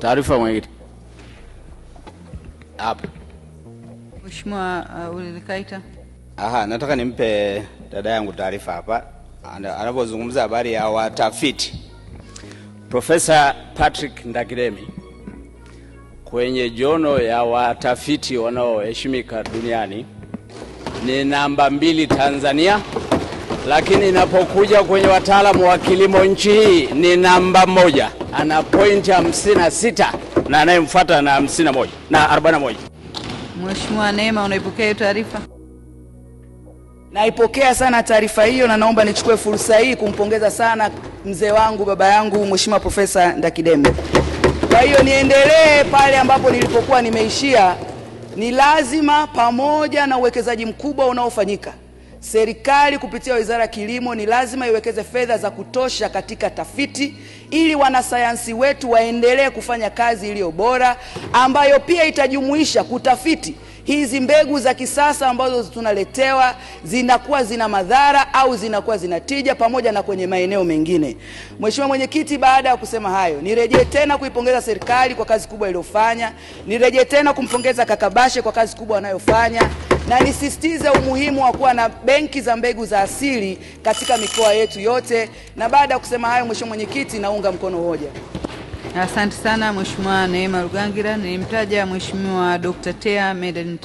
Taarifa mwenyekiti. Hapa. Mheshimiwa uh, Aha, nataka nimpe dada yangu taarifa hapa anapozungumza habari ya watafiti. Profesa Patrick Ndakiremi kwenye jono ya watafiti wanaoheshimika duniani ni namba mbili Tanzania, lakini inapokuja kwenye wataalamu wa kilimo nchi hii ni namba moja ana pointi 56 na anayemfuata na 51 na 41. Mheshimiwa Neema, unaipokea hiyo taarifa? Naipokea sana taarifa hiyo, na naomba nichukue fursa hii kumpongeza sana mzee wangu baba yangu Mheshimiwa Profesa Ndakidembe. Kwa hiyo niendelee pale ambapo nilipokuwa nimeishia. Ni lazima pamoja na uwekezaji mkubwa unaofanyika Serikali kupitia Wizara ya Kilimo ni lazima iwekeze fedha za kutosha katika tafiti ili wanasayansi wetu waendelee kufanya kazi iliyo bora ambayo pia itajumuisha kutafiti hizi mbegu za kisasa ambazo tunaletewa zinakuwa zina madhara au zinakuwa zina tija, pamoja na kwenye maeneo mengine. Mheshimiwa Mwenyekiti, baada ya kusema hayo, nirejee tena kuipongeza serikali kwa kazi kubwa iliyofanya, nirejee tena kumpongeza Kakabashe kwa kazi kubwa anayofanya na nisisitize umuhimu wa kuwa na benki za mbegu za asili katika mikoa yetu yote. Na baada ya kusema hayo, Mheshimiwa Mwenyekiti, naunga mkono hoja. Asante sana Mheshimiwa Neema Rugangira. Nilimtaja Mheshimiwa Dr. Tea Medanta